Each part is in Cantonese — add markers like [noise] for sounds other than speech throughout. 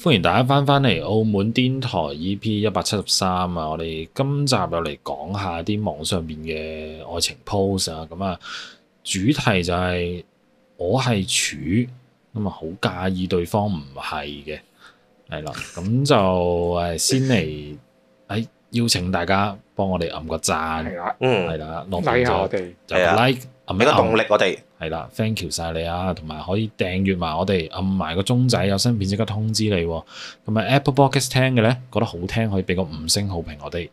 歡迎大家返返嚟《澳門癲台 EP 一百七十三》啊！我哋今集又嚟講下啲網上邊嘅愛情 post 啊！咁啊，主題就係我係處，咁啊好介意對方唔係嘅，係啦，咁就誒先嚟誒。 [laughs] 哎邀請大家幫我哋按個讚，嗯的，係啦的，落片咗就 like，一個動力我哋係啦，thank you 晒你啊，同埋可以訂閱埋我哋，按埋個鐘仔有新片即刻通知你喎，咁啊 Apple Podcast 聽嘅咧覺得好聽可以俾個五星好評我哋，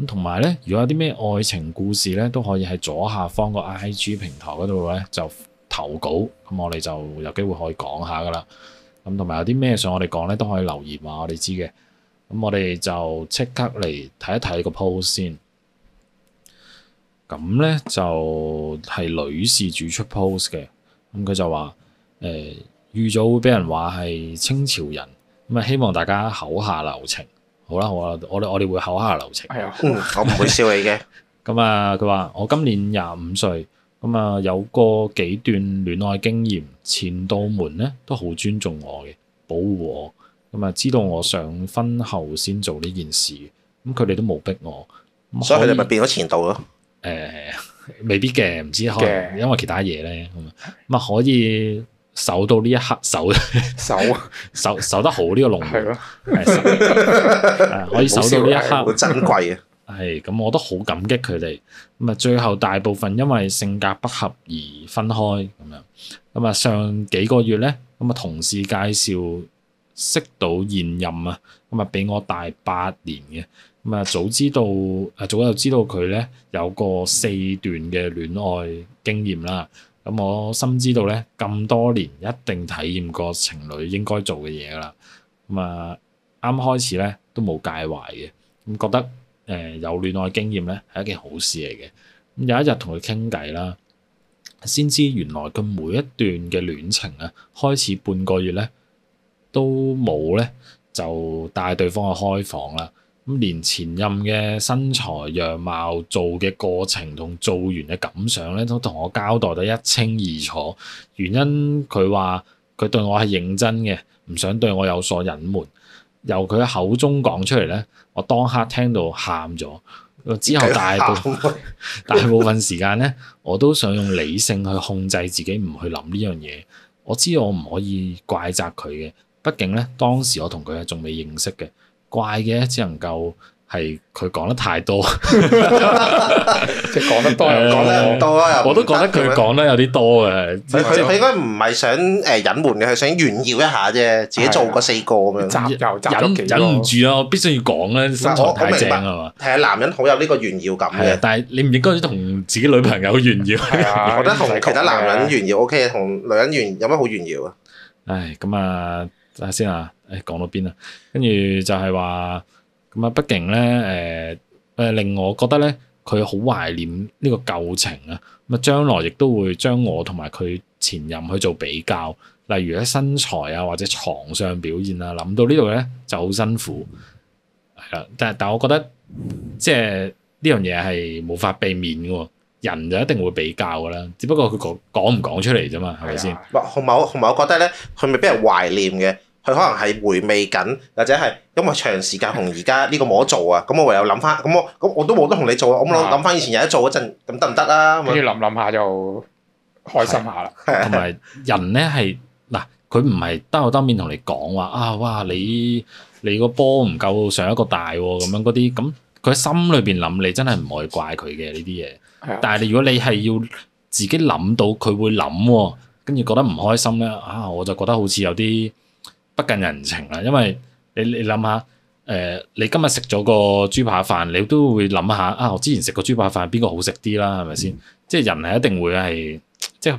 咁同埋咧如果有啲咩愛情故事咧都可以喺左下方個 IG 平台嗰度咧就投稿，咁我哋就有機會可以講下噶啦，咁同埋有啲咩想我哋講咧都可以留言話我哋知嘅。咁我哋就即刻嚟睇一睇個 post 先。咁咧就係、是、女事主出 post 嘅，咁佢就話：誒、呃、預早會俾人話係清朝人，咁啊希望大家口下留情。好啦，好啦，我哋我哋會口下留情。係 [laughs] 啊、哎，我唔會笑你嘅。咁啊， [laughs] 佢話我今年廿五歲，咁啊有過幾段戀愛經驗，前度門咧都好尊重我嘅，保護我。咁啊！知道我上婚後先做呢件事，咁佢哋都冇逼我，所以佢哋咪變咗前度咯。誒、呃，未必嘅，唔知可，因為其他嘢咧，咁、嗯、啊，可以守到呢一刻，守守、啊、守守得好呢個龍門，係咯是、啊， [laughs] 可以守到呢一刻好 [laughs] 珍貴啊！係、嗯、咁，我都好感激佢哋。咁、嗯、啊，最後大部分因為性格不合而分開咁樣。咁、嗯、啊、嗯，上幾個月咧，咁、嗯、啊，同事介紹。識到現任啊，咁啊比我大八年嘅，咁啊早知道，早就知道佢咧有個四段嘅戀愛經驗啦。咁我深知道咧，咁多年一定體驗過情侶應該做嘅嘢啦。咁啊啱開始咧都冇介懷嘅，咁覺得誒有戀愛經驗咧係一件好事嚟嘅。咁有一日同佢傾偈啦，先知原來佢每一段嘅戀情啊，開始半個月咧。都冇咧，就帶對方去開房啦。咁連前任嘅身材、樣貌、做嘅過程同做完嘅感想咧，都同我交代得一清二楚。原因佢話佢對我係認真嘅，唔想對我有所隱瞞。由佢口中講出嚟咧，我當刻聽到喊咗。之後大部哭 [laughs] [laughs] 大部分時間咧，我都想用理性去控制自己，唔去諗呢樣嘢。我知我唔可以怪責佢嘅。畢竟咧，當時我同佢係仲未認識嘅，怪嘅只能夠係佢講得太多，即係講得多，講得唔多啊。我都覺得佢講得有啲多嘅。佢佢應該唔係想誒隱瞞嘅，係想炫耀一下啫，自己做過四個咁樣，忍忍，唔住啊！我必須要講咧，身材太正係嘛，係啊，男人好有呢個炫耀感嘅。但係你唔應該同自己女朋友炫耀。我覺得同其他男人炫耀 OK，同女人炫耀有咩好炫耀啊？唉，咁啊。睇下先啊！誒講到邊啊？跟住就係話咁啊，畢竟咧誒誒令我覺得咧，佢好懷念呢個舊情啊！咁啊，將來亦都會將我同埋佢前任去做比較，例如喺身材啊，或者床上表現啊，諗到呢度咧就好辛苦。係啦，但係但係，我覺得即係呢樣嘢係無法避免喎。人就一定會比較㗎啦，只不過佢講講唔講出嚟啫嘛，係咪先？同埋我同埋我覺得咧，佢咪俾人懷念嘅，佢可能係回味緊，或者係因為長時間同而家呢個冇得做啊，咁我唯有諗翻，咁我咁我都冇得同你做啊，我咁諗諗翻以前有得做嗰陣，咁得唔得啊？跟住諗諗下就開心下啦。同埋人咧係嗱，佢唔係當面當面同你講話啊，哇！你你個波唔夠上一個大喎，咁樣嗰啲，咁佢喺心裏邊諗你真係唔可以怪佢嘅呢啲嘢。但係你如果你係要自己諗到佢會諗，跟住覺得唔開心咧，啊我就覺得好似有啲不近人情啦。因為你你諗下，誒你今日食咗個豬扒飯，你都會諗下啊，我之前食過豬扒飯邊個好食啲啦，係咪先？即係人係一定會係即係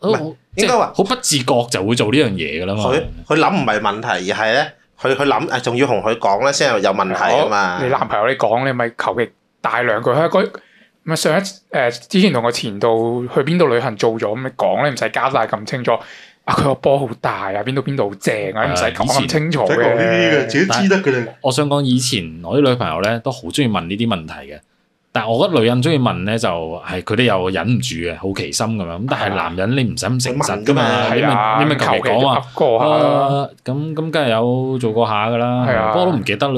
唔係應該話好不自覺就會做呢樣嘢噶啦嘛。佢佢諗唔係問題，而係咧，佢佢諗誒，仲要同佢講咧先有問題啊嘛。你男朋友你講你咪求其帶兩句香港。咪上一誒、呃、之前同個前度去邊度旅行做咗咁樣講咧，唔使交晒咁清楚。啊，佢個波好大啊，邊度邊度好正啊，唔使咁清楚呢啲嘅。自己知得。我想講以前我啲女朋友咧都好中意問呢啲問題嘅。但係我覺得女人中意問咧，就係佢哋有忍唔住嘅好奇心咁樣。咁但係男人你唔使咁誠實噶嘛，你咪你咪求其講啊。咁咁梗係有做過下噶啦，啊、不過都唔記得啦。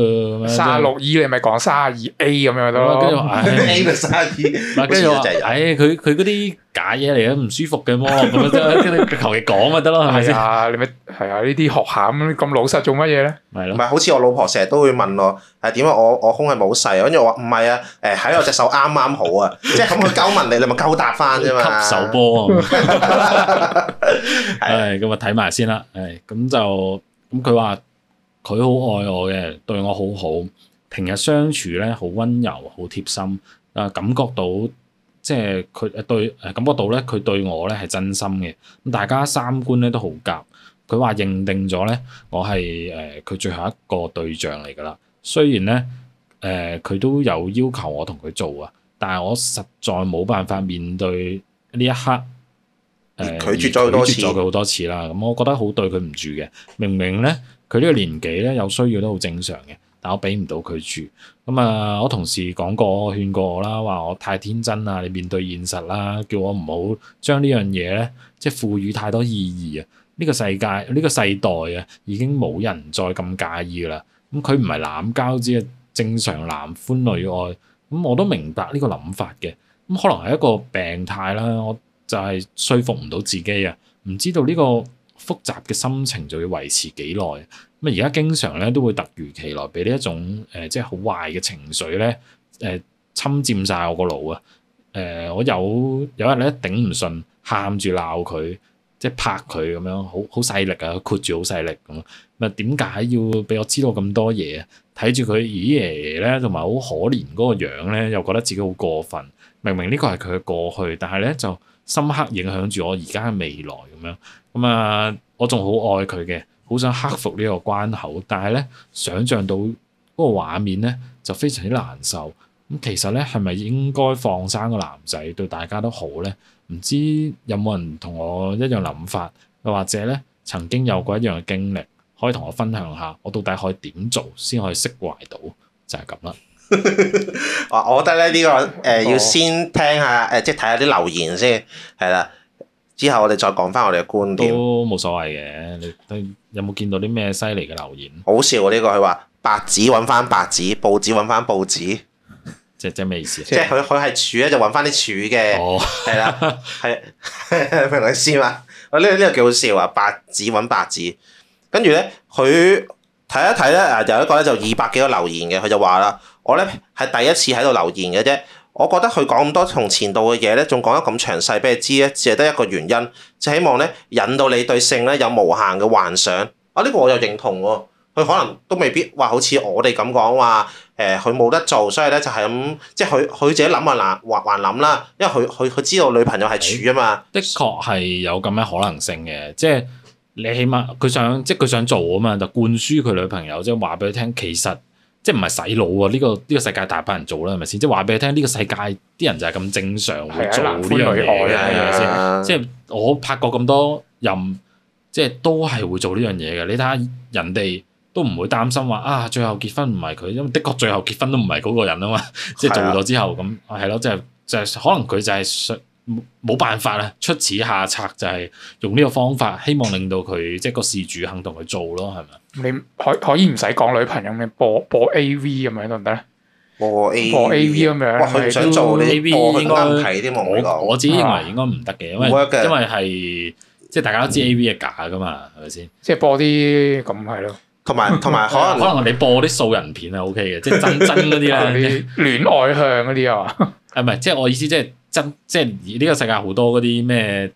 卅六二你咪講卅二 A 咁樣咯。A 咪卅二。跟住，唉、哎，佢佢嗰啲。哎假嘢嚟嘅唔舒服嘅麼咁啊啫！求其講咪得咯，係啊，你咪係啊呢啲學下咁，咁老實做乜嘢咧？係啦，唔係好似我老婆成日都會問我，係點解？我我胸係冇細啊，跟住我話唔係啊，誒喺我隻手啱啱好啊，即係咁佢鳩問你，你咪鳩答翻啫嘛。手波，係咁啊，睇埋先啦。誒，咁就咁佢話佢好愛我嘅，對我好好，平日相處咧好温柔，好貼心，誒，感覺到。即係佢對感覺到咧，佢、呃、對我咧係真心嘅。咁大家三觀咧都好夾。佢話認定咗咧，我係誒佢最後一個對象嚟㗎啦。雖然咧誒佢都有要求我同佢做啊，但係我實在冇辦法面對呢一刻。呃、拒絕咗佢好多次啦。咁我覺得好對佢唔住嘅。明明咧，佢呢個年紀咧有需要都好正常嘅。但我俾唔到佢住，咁、嗯、啊，我同事講過，勸過我啦，話我太天真啊，你面對現實啦，叫我唔好將呢樣嘢咧，即係賦予太多意義啊！呢、呢個世界，呢、呢個世代啊，已經冇人再咁介意啦。咁佢唔係濫交之正常男歡女愛，咁我都明白呢個諗法嘅。咁可能係一個病態啦，我就係說服唔到自己啊，唔知道呢個複雜嘅心情就要維持幾耐。咁而家經常咧，都會突如其來俾呢一種誒、呃、即係好壞嘅情緒咧誒、呃、侵佔晒我個腦啊誒、呃、我有有日咧，頂唔順，喊住鬧佢，即係拍佢咁樣，好好勢力啊，括住好勢力咁。啊，點解要俾我知道咁多嘢？睇住佢咦爺爺咧，同埋好可憐嗰個樣咧，又覺得自己好過分。明明呢個係佢嘅過去，但係咧就深刻影響住我而家嘅未來咁樣。咁啊，我仲好愛佢嘅。好想克服呢個關口，但係咧想像到嗰個畫面咧就非常之難受。咁其實咧係咪應該放生個男仔對大家都好咧？唔知有冇人同我一樣諗法，又或者咧曾經有過一樣嘅經歷，可以同我分享下，我到底可以點做先可以釋懷到？就係咁啦。 [laughs] 我覺得咧、這、呢個誒、呃呃、要先聽下誒、呃，即係睇下啲留言先係啦。之後我哋再講翻我哋嘅觀點都冇所謂嘅，你有冇見到啲咩犀利嘅留言？好笑呢個，佢話白紙揾翻白紙，報紙揾翻報紙，即即咩意思啊？ [laughs] 即佢佢係處咧，就揾翻啲處嘅，係啦、哦，係 [laughs] 明 [laughs] 你明先啊？呢、這、呢個幾、這個、好笑啊！白紙揾白紙，跟住咧佢睇一睇咧，誒有一個咧就二百幾個留言嘅，佢就話啦，我咧係第一次喺度留言嘅啫。我覺得佢講咁多從前度嘅嘢咧，仲講得咁詳細俾你知咧，只係得一個原因，就希望咧引到你對性咧有無限嘅幻想。啊，呢個我又認同喎。佢可能都未必話好似我哋咁講話，誒，佢冇得做，所以咧就係咁，即係佢佢自己諗下，嗱，話還諗啦。因為佢佢佢知道女朋友係處啊嘛。的確係有咁嘅可能性嘅，即係你起碼佢想，即係佢想做啊嘛，就灌輸佢女朋友，即係話俾佢聽，其實。即係唔係洗腦啊？呢個呢個世界大把人做啦，係咪先？即係話俾你聽，呢、呢個世界啲人就係咁正常、啊、會做呢樣嘢，係咪先？即係我拍過咁多任，即係都係會做呢樣嘢嘅。你睇下人哋都唔會擔心話啊，最後結婚唔係佢，因為的確最後結婚都唔係嗰個人啊嘛。即係做咗之後咁，係咯、啊，即係就可能佢就係冇冇辦法啦，出此下策就係用呢個方法，希望令到佢即係個事主肯同佢做咯，係咪？你可可以唔使講女朋友咩？播播 A V 咁樣得唔得咧？播 A 播 A V 咁樣，想做 A V 應該我自己認為應該唔得嘅，因為因為係即係大家都知 A V 係假噶嘛，係咪先？即係播啲咁係咯，同埋同埋可能可能你播啲素人片係 O K 嘅，即係真真嗰啲啊，啲戀愛向嗰啲啊？啊唔係，即係我意思，即係真即係呢個世界好多嗰啲咩，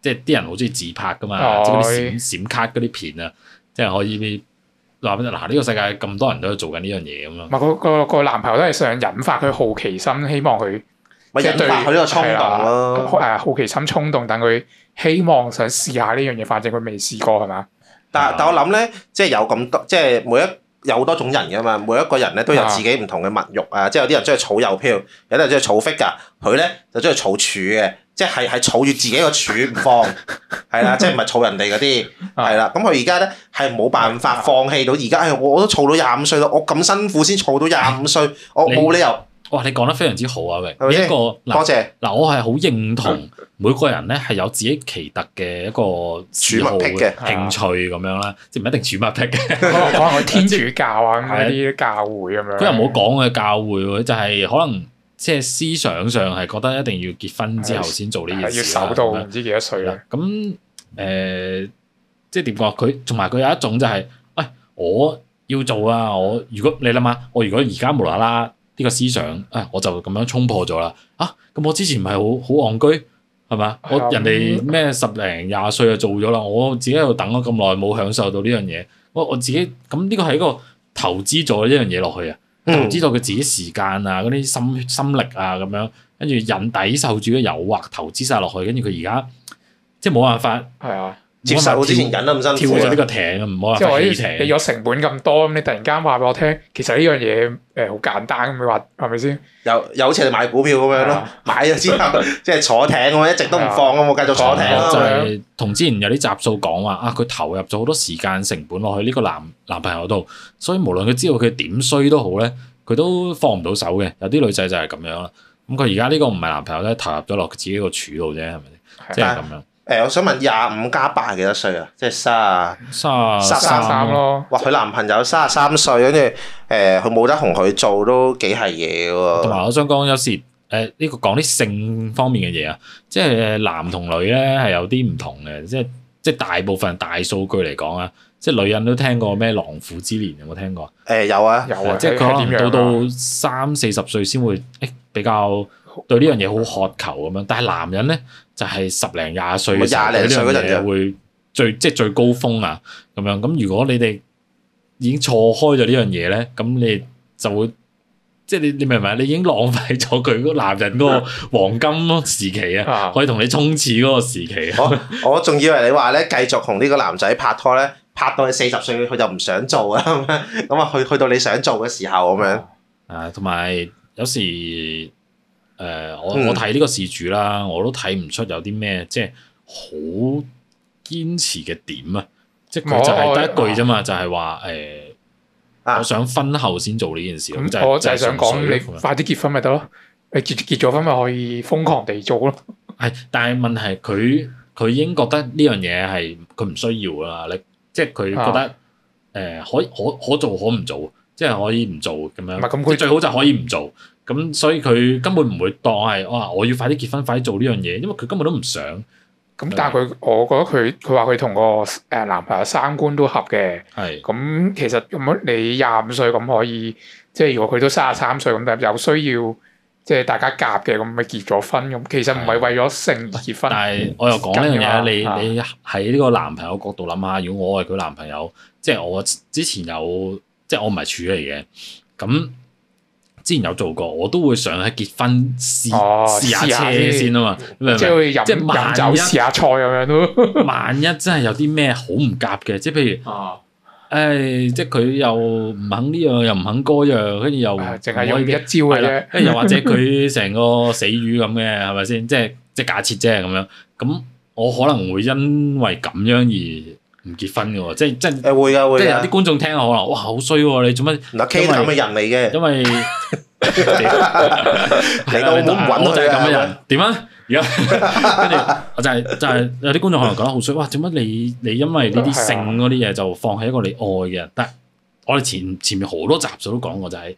即係啲人好中意自拍噶嘛，即係閃卡嗰啲片啊。即係我依啲，嗱、啊、嗱，呢、這個世界咁多人都做緊呢樣嘢咁咯。唔係、那個個男朋友都係想引發佢好奇心，希望佢即係引發佢呢個衝動咯。誒，好奇心衝動，等佢希望想試下呢樣嘢，反正佢未試過係嘛、嗯？但但我諗咧，即係有咁多，即係每一有好多種人㗎嘛。每一個人咧都有自己唔同嘅物慾啊。嗯、即係有啲人中意儲郵票，有啲人中意儲 figure 㗎。佢咧就中意儲處嘅。即係係儲住自己個儲唔放，係啦，即係唔係儲人哋嗰啲，係啦。咁佢而家咧係冇辦法放棄到，而家我都儲到廿五歲啦，我咁辛苦先儲到廿五歲，我冇理由。哇！你講得非常之好啊，榮，呢一個多謝嗱，我係好認同每個人咧係有自己奇特嘅一個儲物嘅興趣咁樣啦，即唔一定儲物癖嘅，可能天主教啊嗰啲教會咁樣。佢又冇講佢教會喎，就係可能。即係思想上係覺得一定要結婚之後先做呢件事，要守到唔知幾多歲啦。咁誒、嗯呃，即係點講？佢同埋佢有一種就係、是，喂、哎，我要做啊！我如果你諗下，我如果而家無啦啦呢個思想啊、哎，我就咁樣衝破咗啦啊！咁我之前唔係好好戇居係嘛？我、嗯、人哋咩十零廿歲就做咗啦，我自己喺度等咗咁耐，冇享受到呢樣嘢。我我自己咁呢個係一個投資咗呢樣嘢落去啊。嗯、投資到佢自己時間啊，嗰啲心心力啊咁樣，跟住人抵受住嘅誘惑，投資晒落去，跟住佢而家即係冇辦法，係啊。接受說跳之前忍得咁辛苦，跳上呢個艇啊！唔好話翻船。你有成本咁多，咁你突然間話俾我聽，其實呢樣嘢誒好簡單咁，你話係咪先？有有好似你買股票咁樣咯，的買咗之後即係 [laughs] 坐艇咁一直都唔放咁，我的繼續坐艇就係同之前有啲集數講話的啊，佢投入咗好多時間成本落去呢個男男朋友度，所以無論佢知道佢點衰都好咧，佢都放唔到手嘅。有啲女仔就係咁樣啦。咁佢而家呢個唔係男朋友咧，投入咗落自己個處度啫，係咪？即係咁樣。的誒、欸，我想問廿五加八係幾多歲啊？即係卅卅卅三咯。哇，佢男朋友卅三歲，欸、跟住誒，佢冇得同佢做都幾係嘢嘅。同埋，我想講有時誒，呢、呃這個講啲性方面嘅嘢啊，即係男同女咧係有啲唔同嘅，即係即係大部分大數據嚟講啊，即係女人都聽過咩狼虎之年，有冇聽過？誒、欸，有啊，呃、有啊，即係佢到到三四十歲先會誒比較對呢樣嘢好渴求咁樣，但係男人咧。就係十零廿歲嗰陣，嗰樣嘢會最即係最高峰啊咁樣。咁如果你哋已經錯開咗呢樣嘢咧，咁你就會即係、就是、你你明唔明？你已經浪費咗佢個男人嗰個黃金時期啊，可以同你衝刺嗰個時期。我我仲以為你話咧，繼續同呢個男仔拍拖咧，拍到你四十歲佢就唔想做啊咁樣。啊 [laughs] 去去到你想做嘅時候咁樣。啊，同埋有，有時。誒、uh，我我睇呢個事主啦，我都睇唔出有啲咩即係好堅持嘅點啊，即係佢就係得一句啫嘛，就係話誒，啊、我想婚後先做呢件事。咁我、嗯、就，就想講，你快啲結婚咪得咯，你結結咗婚咪可以瘋狂地做咯。係，但係問題係佢佢已經覺得呢樣嘢係佢唔需要噶啦，你即係佢覺得誒可可可做可唔做，即係可以唔做咁樣。咁，佢最好就可以唔做。咁所以佢根本唔會當係哇、哦，我要快啲結婚，快啲做呢樣嘢，因為佢根本都唔想。咁但係他佢，是的 我覺得佢佢話佢同個誒男朋友三觀都合嘅。係。咁其實咁，你廿五歲咁可以，即係如果佢都三十三歲咁，有需要即係大家夾嘅咁咪結咗婚咁，其實唔係為咗性而結婚。是的 但係我又講一樣嘢，你你喺呢個男朋友角度諗下，如果我係佢男朋友，即係我之前有即係我唔係處嚟嘅，咁。之前有做過，我都會想喺結婚試，哦、試下車先啊嘛，即係會飲酒試下菜咁樣咯。 [laughs] 萬一真係有啲咩好唔夾嘅，即係譬如，誒、哎，即係佢又唔肯呢樣，又唔肯嗰樣，跟住又淨係用一招嘅啫，跟住又或者佢成個死魚咁嘅，係咪先？即係即係假設啫咁樣。咁我可能會因為咁樣而。唔結婚嘅，即係即係，誒會噶會，即係有啲觀眾聽下可能，哇好衰，你做乜？嗱，咁嘅人嚟嘅，因為係啦，你都唔搵我就係咁嘅人。點啊？而家跟住我就係就係有啲觀眾可能覺得好衰，哇！做乜你你因為呢啲性嗰啲嘢，就放棄一個你愛嘅人。但係我哋前前面好多集數都講過，就是，就係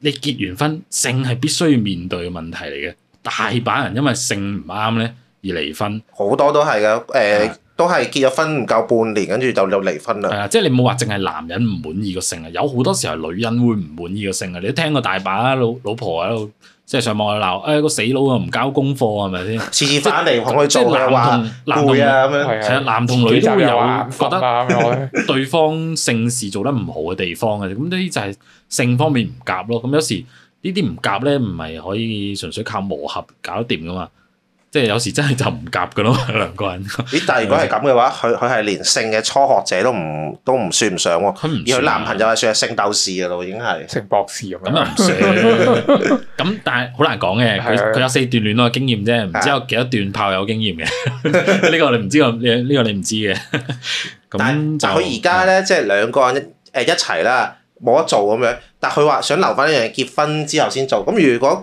你結完婚，性係必須要面對嘅問題嚟嘅。大把人因為性唔啱咧而離婚，好、嗯、多都係嘅，誒、嗯。都係結咗婚唔夠半年，跟住就就離婚啦。係啊，即係你冇話淨係男人唔滿意個性啊，有好多時候女人會唔滿意個性啊。你都聽過大把老老婆喺度，即係上網去鬧，誒個死佬啊，唔交功課係咪先？次次翻嚟同佢即係男同男咁樣，係啊，男同女都會有覺得對方性事做得唔好嘅地方嘅，咁呢啲就係性方面唔夾咯。咁有時呢啲唔夾咧，唔係可以純粹靠磨合搞掂噶嘛。即係有時真係就唔夾嘅咯，兩個人。咦？但係如果係咁嘅話，佢佢係連性嘅初學者都唔都唔算唔上喎。佢唔而佢男朋友係算係性鬥士嘅咯，已經係性博士咁樣，樣。咁 [laughs] 但係好難講嘅。佢佢 [laughs] 有四段戀愛經驗啫，唔知有幾多段炮友經驗嘅。呢 [laughs] [laughs] 個你唔知個，你、這、呢個你唔知嘅。 [laughs] 但係佢而家咧，即係、 [laughs] 就是、兩個人誒一齊啦，冇得做咁樣。但佢話想留翻一樣，結婚之後先做。咁如果？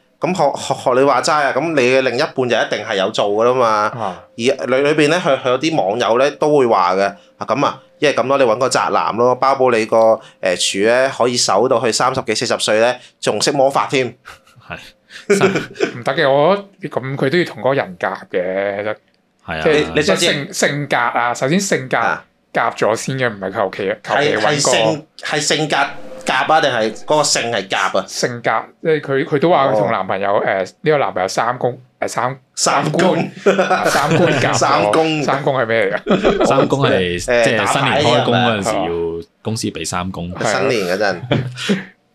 咁學學學你話齋啊！咁你嘅另一半就一定係有做㗎啦嘛。而裏裏邊咧，佢佢有啲網友咧都會話嘅。啊咁啊，一係咁咯，你揾個宅男咯，包保你個誒廚咧可以守到去三十幾四十歲咧，仲識魔法添。係唔得嘅，我咁佢都要同嗰個人夾嘅，即係即係性性格啊。首先性格夾咗先嘅，唔係求其啊，求其揾個。係係性係性格。夾啊？定係嗰個夾性係夾啊？性格，即係佢佢都話佢同男朋友誒，呢、oh. 呃這個男朋友三公誒三三公三公三公三公係咩嚟噶？ [laughs] 三公係即係新年開工陣時要公司俾三公， [laughs] 新年嗰陣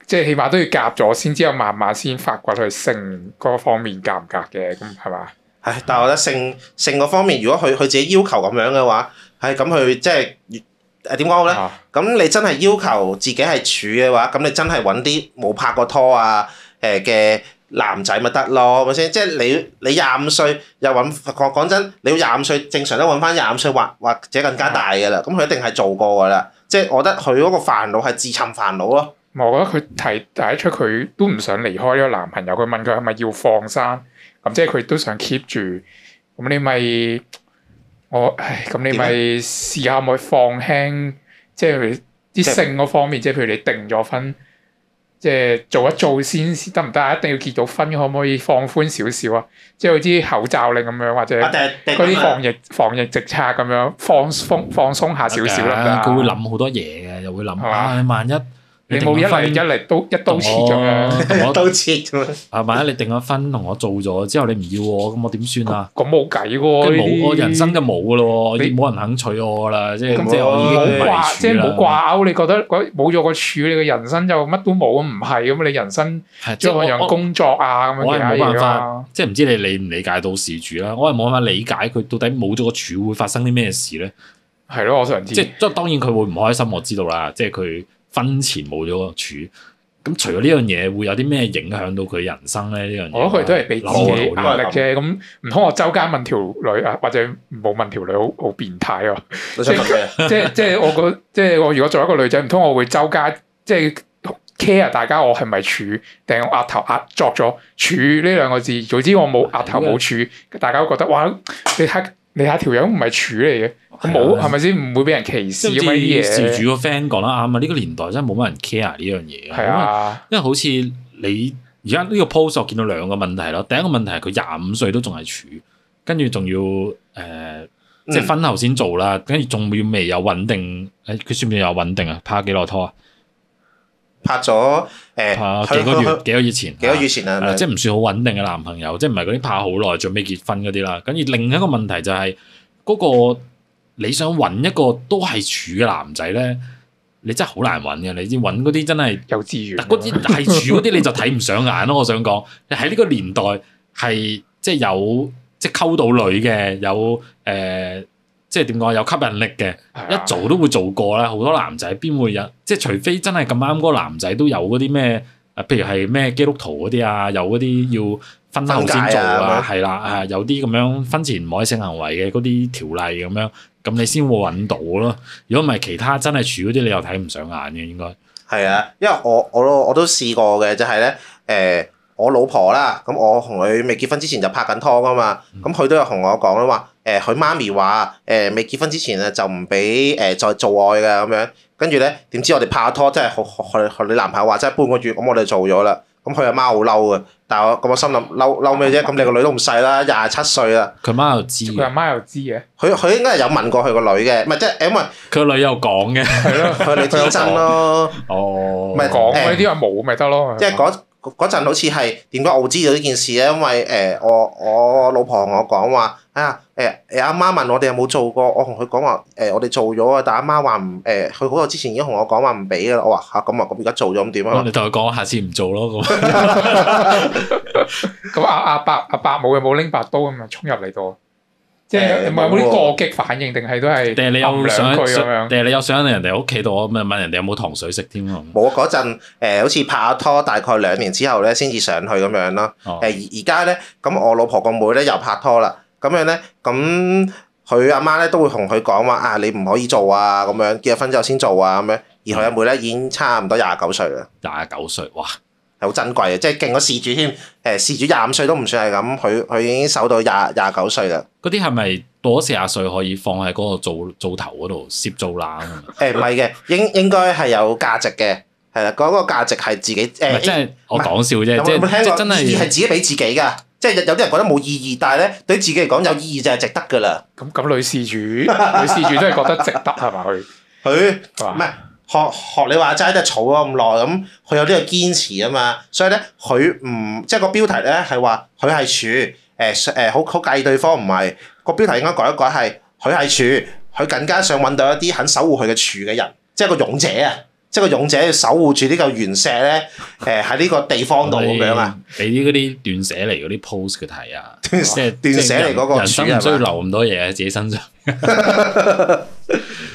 即係起碼都要夾咗先，之後慢慢先發掘佢性嗰方面夾唔夾嘅，咁係嘛？係。 [laughs] 但係我覺得性性嗰方面，如果佢佢自己要求咁樣嘅話，係咁佢，即係。誒點講好咧？咁、啊、你真係要求自己係處嘅話，咁你真係揾啲冇拍過拖啊誒嘅、呃、男仔咪得咯，係咪先？即係你你廿五歲又揾講真，你要廿五歲正常都揾翻廿五歲或或者更加大嘅啦。咁佢、啊、一定係做過嘅啦。即係我覺得佢嗰個煩惱係自尋煩惱咯。我覺得佢提提出佢都唔想離開呢個男朋友，佢問佢係咪要放生咁，即係佢都想 keep 住咁。你咪？我唉，咁你咪試下可以放輕，即係啲性嗰方面，即係譬如你定咗婚，即係做一做先得唔得啊？一定要結咗婚，可唔可以放寬少少啊？即係好似口罩令咁樣，或者嗰啲防疫防疫直策咁樣放放放鬆一下少少啦。佢 Okay, 但會諗好多嘢嘅，又會諗下。吧萬一。你冇一嚟一嚟都一刀切咗，一刀切咁。啊，萬一你訂咗婚同我做咗之後，你唔要我，咁我點算啊？咁冇計喎，我人生就冇咯，你冇人肯娶我啦，即係我冇掛，即係冇掛勾。你覺得嗰冇咗個處，你嘅人生就乜都冇，唔係咁，你人生即係我有工作啊咁樣我冇辦法，即係唔知你理唔理解到事主啦。我係冇辦法理解佢到底冇咗個處會發生啲咩事咧？係咯，我想知。即係當然佢會唔開心，我知道啦。即係佢。婚前冇咗個處，咁除咗呢樣嘢，會有啲咩影響到佢人生咧？呢樣嘢，我覺得佢都係俾自己壓力啫。咁唔通我周街問條女啊，或者冇問條女，好好變態喎！即即即我個即我如果做一個女仔，唔通我會周街即 care 大家我係咪處，定我額頭壓、啊、作咗處呢兩個字？總之我冇額頭冇處，麼大家都覺得哇！你睇。你下條友唔係處嚟嘅，我冇係咪先？唔會俾人歧視啲乜嘢？啲事主個 friend 講啦，啱啊，呢、呢個年代真係冇乜人 care 呢樣嘢。係啊，因為好似你而家呢個 post 我見到兩個問題咯。第一個問題係佢廿五歲都仲係處，跟住仲要誒，即係婚後先做啦。跟住仲要未有穩定，誒、哎、佢算唔算有穩定啊？拍幾耐拖啊？拍咗誒，呃、幾個月幾個月前？啊、幾個月前啊，是是即係唔算好穩定嘅男朋友，即係唔係嗰啲拍好耐仲未結婚嗰啲啦。咁而另一個問題就係、是、嗰、嗰個你想揾一個都係處嘅男仔咧，你真係好難揾嘅。你知揾嗰啲真係幼稚園，嗰啲係處嗰啲你就睇唔上眼咯。 [laughs] 我想講喺呢個年代係即係有即係溝到女嘅有誒。呃即係點講？有吸引力嘅，一做都會做過啦。好多男仔邊會有？即係除非真係咁啱嗰個男仔都有嗰啲咩？啊，譬如係咩基督徒嗰啲啊，有嗰啲要婚後先做啊，係啦，係有啲咁樣婚前唔可以性行為嘅嗰啲條例咁樣，咁你先會揾到咯。如果唔係其他真係處嗰啲，你又睇唔上眼嘅，應該係啊。因為我我我都，我都試過嘅，就係咧誒。呃我老婆啦，咁我同佢未結婚之前就拍緊拖噶嘛，咁佢都有同我講啦，話誒佢媽咪話誒未結婚之前啊就唔俾誒再做愛嘅咁樣，跟住咧點知我哋拍咗拖即係學學你男朋友話，即係半個月，咁我哋做咗啦，咁佢阿媽好嬲呀，但係我咁我心諗嬲嬲咩啫？咁你個女都咁細啦，廿七歲啦，佢媽又知，佢阿媽又知嘅，佢佢應該係有問過佢個女嘅，唔係即係誒，因為佢個女又講嘅，係咯，佢佢天真咯，唔係講呢啲話冇咪得咯，即係講。嗰陣好似係點解我會知道呢件事咧？因為誒、欸，我我老婆同我講話，啊誒，阿、欸欸、媽問我哋有冇做過，我同佢講話誒，我哋做咗啊，但阿媽話唔誒，佢好耐之前已經同我講話唔俾噶啦，我話嚇咁啊，咁而家做咗咁點啊？我哋同佢講下次唔做咯咁。咁阿阿伯阿、啊、伯冇又冇拎白刀咁啊，衝入嚟到。即係唔係冇啲過激反應定係都係？定係、欸、你有想佢樣？定係你有想上人哋屋企度，我咪問人哋有冇糖水食添咯？冇啊！嗰陣、呃、好似拍下拖，大概兩年之後咧，先至上去咁樣咯。誒而而家咧，咁、呃、我老婆個妹咧又拍拖啦。咁樣咧，咁佢阿媽咧都會同佢講話啊，你唔可以做啊，咁樣結咗婚之後先做啊，咁樣。而佢阿妹咧已經差唔多廿九歲啦。廿九是歲，哇！好珍貴嘅，即係勁個事主添。誒，事主廿五歲都唔算係咁，佢佢已經守到廿廿九歲啦。嗰啲係咪到咗四廿歲可以放喺嗰個灶灶頭嗰度攝做爛？誒，唔係嘅，應應該係有價值嘅，係啦，嗰個價值係自己誒，即係我講笑啫，即係即係真係意義係自己俾自己噶，即係有啲人覺得冇意義，但係咧對自己嚟講有意義就係值得噶啦。咁咁，女事主女事主真係覺得值得係咪佢？誒，咩？學學你話齋，即係嘈咗咁耐，咁佢有呢個堅持啊嘛，所以咧佢唔即係個標題咧係話佢係處，誒誒好好介意對方唔係，嗰個標題應該改一改係佢係處，佢更加想揾到一啲肯守護佢嘅處嘅人，即係個勇者啊！即係個勇者要守護住呢個原石咧，誒喺呢個地方度咁樣啊！俾啲嗰啲斷寫嚟嗰啲 post 嘅睇啊，斷寫斷嚟嗰個處啊！人生唔需要留咁多嘢喺、啊、自己身上。 [laughs] [laughs]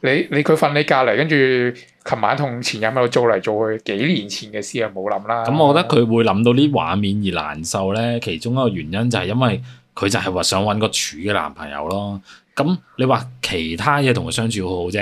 你你佢瞓你隔離，跟住琴晚同前日喺度做嚟做去，幾年前嘅事就冇諗啦。咁、嗯、我覺得佢會諗到啲畫面而難受咧，其中一個原因就係因為佢就係話想揾個處嘅男朋友咯。咁你話其他嘢同佢相處好好啫，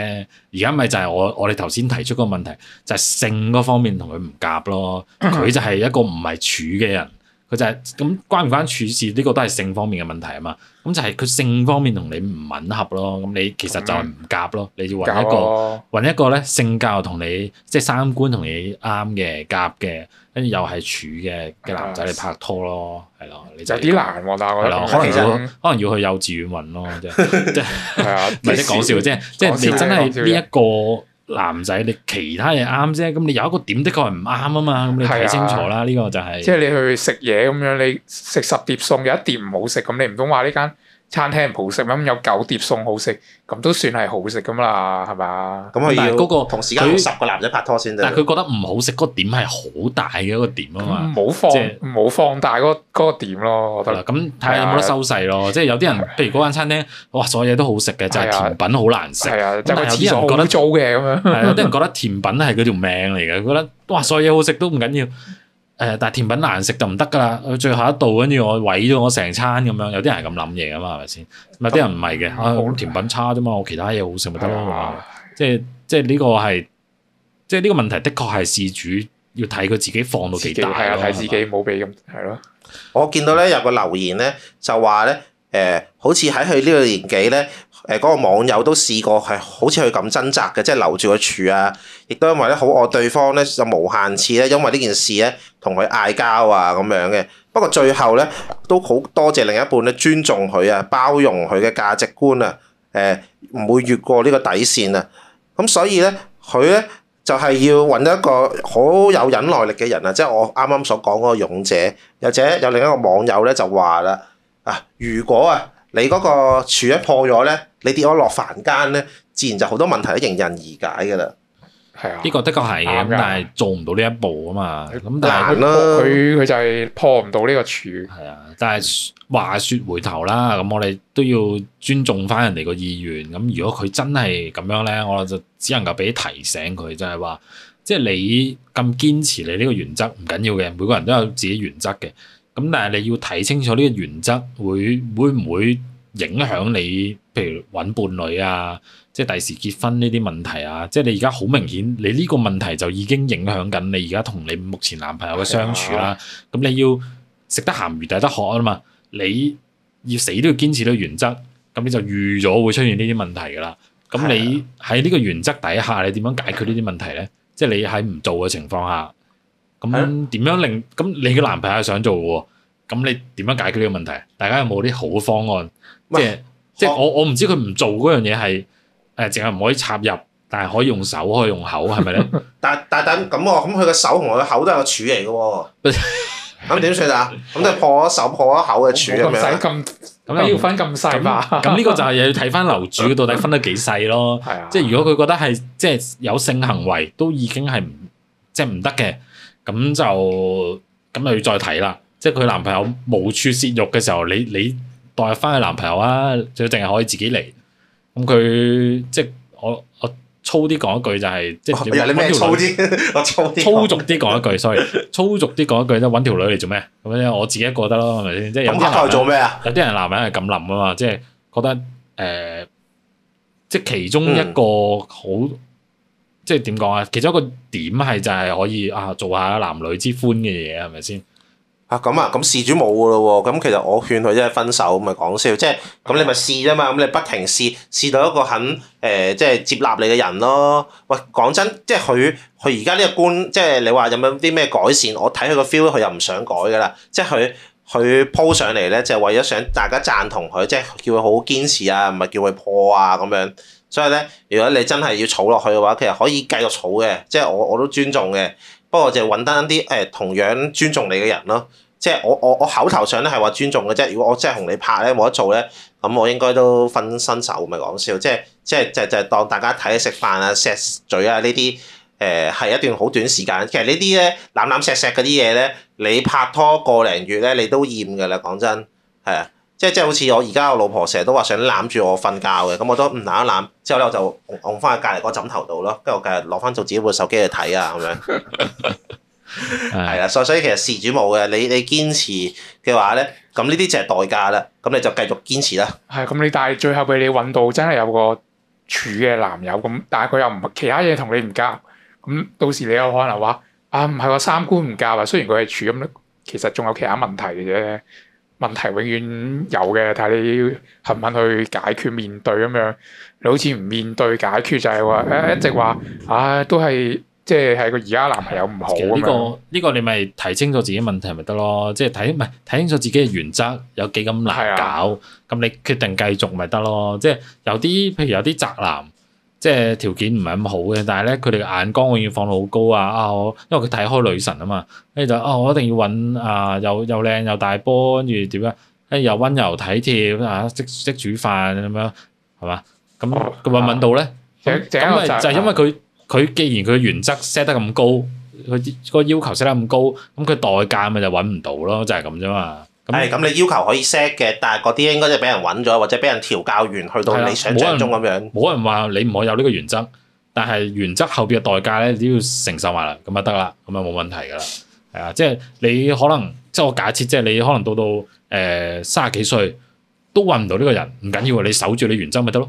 而家咪就係我我哋頭先提出個問題，就係、是、性嗰方面同佢唔夾咯。佢就係一個唔係處嘅人。嗯佢就係咁關唔關處事呢個都係性方面嘅問題啊嘛，咁就係佢性方面同你唔吻合咯，咁你其實就係唔夾咯，你要揾一個揾一個咧性格同你即係三觀同你啱嘅夾嘅，跟住又係處嘅嘅男仔嚟拍拖咯，係咯，就係啲難喎，但係可能可能要去幼稚園揾咯，即係即係係啊，唔係即係講笑，即係即係你真係呢一個。男仔你其他嘢啱啫，咁你有一個點的確係唔啱啊嘛，咁你睇清楚啦，呢、啊、個就係、是、即係你去食嘢咁樣，你食十碟餸有一碟唔好食，咁你唔通話呢間。餐廳唔好食，咁有九碟餸好食，咁都算係好食㗎嘛，係咪？咁佢要嗰個同時間有十個男仔拍拖先得。但係佢覺得唔好食，嗰點係好大嘅一個點啊、那個、嘛。冇放冇、就是、放大嗰、那、嗰、個那個點咯，我覺得。咁睇下有冇得收細咯，啊、即係有啲人譬如嗰間餐廳，哇所有嘢都好食嘅，就係、是、甜品好難食。係啊，但係啲人覺得租嘅咁樣。 [laughs] 啊、有啲人覺得甜品係佢條命嚟嘅，覺得哇所有嘢好食都唔緊要。誒，但係甜品難食就唔得噶啦，佢最後一度跟住我毀咗我成餐咁樣，有啲人咁諗嘢噶嘛，係咪先？咪啲人唔係嘅，我、嗯哎、甜品差啫嘛，我其他嘢好食咪得啦，即係即係呢個係，即係呢個問題的確係事主要睇佢自己放到幾大咯、啊，睇自己冇俾咁，係咯吧。我見到咧有個留言咧，就話咧誒，好似喺佢呢個年紀咧。誒嗰個網友都試過係好似佢咁掙扎嘅，即係留住個處啊！亦都因為咧好愛對方咧，就無限次咧，因為呢件事咧同佢嗌交啊咁樣嘅。不過最後咧都好多謝另一半咧尊重佢啊，包容佢嘅價值觀啊，誒、呃、唔會越過呢個底線啊。咁所以咧佢咧就係、是、要揾一個好有忍耐力嘅人啊，即係我啱啱所講嗰個勇者。或者有另一個網友咧就話啦：啊，如果啊！你嗰個柱一破咗咧，你跌咗落凡間咧，自然就好多問題都迎刃而解噶啦。係啊，呢個的確係嘅，但係做唔到呢一步啊嘛。咁難啦，佢佢吧就係破唔到呢個柱。係啊，但係話說回頭啦，咁我哋都要尊重翻人哋個意願。咁如果佢真係咁樣咧，我就只能夠俾提醒佢，就係話，即係你咁堅持你呢個原則唔緊要嘅，每個人都有自己原則嘅。咁但係你要睇清楚呢個原則會會唔會影響你，譬如揾伴侶啊，即係第時結婚呢啲問題啊，即係你而家好明顯，你呢個問題就已經影響緊你而家同你目前男朋友嘅相處啦。咁、啊、你要食得鹹魚抵得渴啦嘛，你要死都要堅持到原則，咁你就預咗會出現呢啲問題㗎啦。咁你喺呢個原則底下，你點樣解決呢啲問題咧？啊、即係你喺唔做嘅情況下。咁點、嗯嗯、樣令咁、嗯嗯、你嘅男朋友想做嘅？咁你點樣解決呢個問題？大家有冇啲好嘅方案？即係即係我我唔知佢唔做嗰樣嘢係誒，淨係唔可以插入，但係可以用手，可以用口係咪咧？但但等咁我咁佢嘅手同我嘅口都係個處嚟嘅喎，咁點算啊？咁都係破咗手破咗口嘅處啊！咁使咁咁要分咁細嘛？咁呢個就係又要睇翻樓主到底分得幾細咯？即係如果佢覺得係即係有性行為都已經係唔即係唔得嘅。咁就咁又要再睇啦，即係佢男朋友無處泄欲嘅時候，你你帶翻佢男朋友啊，就淨係可以自己嚟。咁佢即係我我粗啲講一句就係、是，即係點啊？就是、你咩粗啲？ [laughs] 我粗粗俗啲講一句，sorry，粗俗啲講一句即揾條女嚟做咩？咁樣我自己覺得咯，係咪先？即係、嗯、有啲人男人係咁諗啊嘛，即係覺得誒、呃，即係其中一個好。嗯即係點講啊？其中一個點係就係可以啊，做下男女之歡嘅嘢係咪先？啊咁啊，咁、啊、事主冇噶咯喎。咁其實我勸佢真係分手，唔係講笑。即係咁你咪試啫嘛。咁你不停試試到一個肯誒、呃，即係接納你嘅人咯。喂，講真，即係佢佢而家呢個觀，即係你話有冇啲咩改善？我睇佢個 feel，佢又唔想改噶啦。即係佢佢鋪上嚟咧，就係為咗想大家贊同佢，即係叫佢好好堅持啊，唔係叫佢破啊咁樣。所以咧，如果你真係要儲落去嘅話，其實可以繼續儲嘅，即係我我都尊重嘅。不過就揾得一啲誒同樣尊重你嘅人咯。即係我我我口頭上咧係話尊重嘅啫。如果我真係同你拍咧冇得做咧，咁我應該都分新手，唔係講笑。即係即係就係、就係就係、當大家睇食飯啊、錫嘴啊呢啲誒係一段好短時間。其實呢啲咧攬攬錫錫嗰啲嘢咧，你拍拖個零月咧你都厭㗎啦。講真係啊。即係即係好似我而家我老婆成日都話想攬住我瞓覺嘅，咁我都唔攬一攬，之後咧我就戙戙翻去隔離嗰枕頭度咯，跟住我繼續攞翻做自己部手機去睇啊咁樣。係啦， [laughs] [laughs] [laughs] 所所以其實事主冇嘅，你你堅持嘅話咧，咁呢啲就係代價啦，咁你就繼續堅持啦。係咁，你但係最後俾你揾到真係有個處嘅男友咁，但係佢又唔其他嘢同你唔夾，咁到時你又可能話啊唔係話三觀唔夾啊，雖然佢係處咁其實仲有其他問題嘅啫。問題永遠有嘅，睇你肯唔肯去解決面對咁樣，你好似唔面對解決就係話誒一直話，唉、哎、都係即係係個而家男朋友唔好呢、呢個呢樣個你咪睇清，清楚自己問題咪得咯，即係睇唔係睇清楚自己嘅原則有幾咁難搞，咁的你決定繼續咪得咯。即係有啲譬如有啲宅男。即係條件唔係咁好嘅，但係咧佢哋嘅眼光我要放到好高啊！啊我因為佢睇開女神啊嘛，跟住就啊我一定要揾啊又又靚又大波，跟住點樣？跟、啊、住又溫柔體貼嚇、啊，識識煮飯咁、嗯啊、樣，係嘛、啊？咁佢揾唔到咧，咁咪就，就因為佢佢既然佢原則 set 得咁高，佢個要求 set 得咁高，咁佢代價咪就揾唔到咯，就係咁啫嘛。咁，你要求可以 set 嘅，但係嗰啲應該就俾人揾咗，或者俾人調教完，去到你想象中咁樣。冇人冇人話你唔可以有呢個原則，但係原則後邊嘅代價咧，你要承受埋啦，咁就得啦，咁就冇問題噶啦。係啊，即係你可能即係我假設，即係你可能到、呃、到誒三十幾歲都揾唔到呢個人，唔緊要，你守住你原則咪得咯，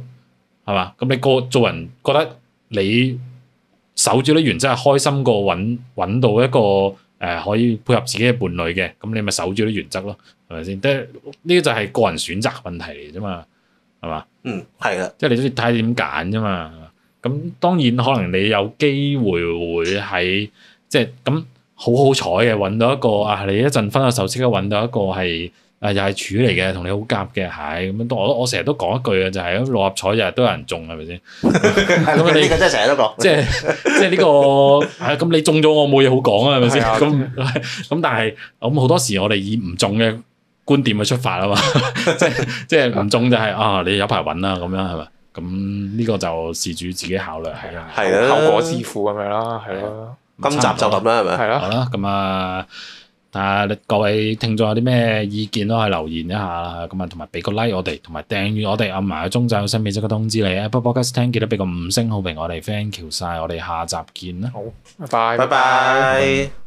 係嘛？咁你個做人覺得你守住呢原則係開心過揾揾到一個。誒、呃、可以配合自己嘅伴侶嘅，咁你咪守住啲原則咯，係咪先？即係呢啲就係個人選擇問題嚟啫嘛，係嘛？嗯，係啦，即係你都要睇點揀啫嘛。咁當然可能你有機會會喺即係咁好好彩嘅揾到一個啊，你一陣分咗手即刻揾到一個係。啊，又係處嚟嘅，同你好夾嘅，係咁樣。我我成日都講一句嘅，就係六合彩日日都有人中，係咪先？係咁啊！你嘅真係成日都講，即係即係呢個係咁你中咗，我冇嘢好講啊，係咪先？咁咁，但係咁好多時我哋以唔中嘅觀點去出發啊嘛，即係即係唔中就係啊！你有排揾啦，咁樣係咪？咁呢個就事主自己考慮係 [laughs] 了後啦，後果自負咁樣啦，係咯。今集就咁啦，係咪？係咯。好啦，咁啊。吧啊！各位聽眾有啲咩意見都可以留言一下啦，咁啊同埋俾個 like 我哋，同埋訂閱我哋，暗埋鐘仔有新片即刻通知你啊！播 podcast 聽到記得俾個五星好評我謝謝，我哋 thank you 晒！我哋下集見啦！好，拜拜，拜拜。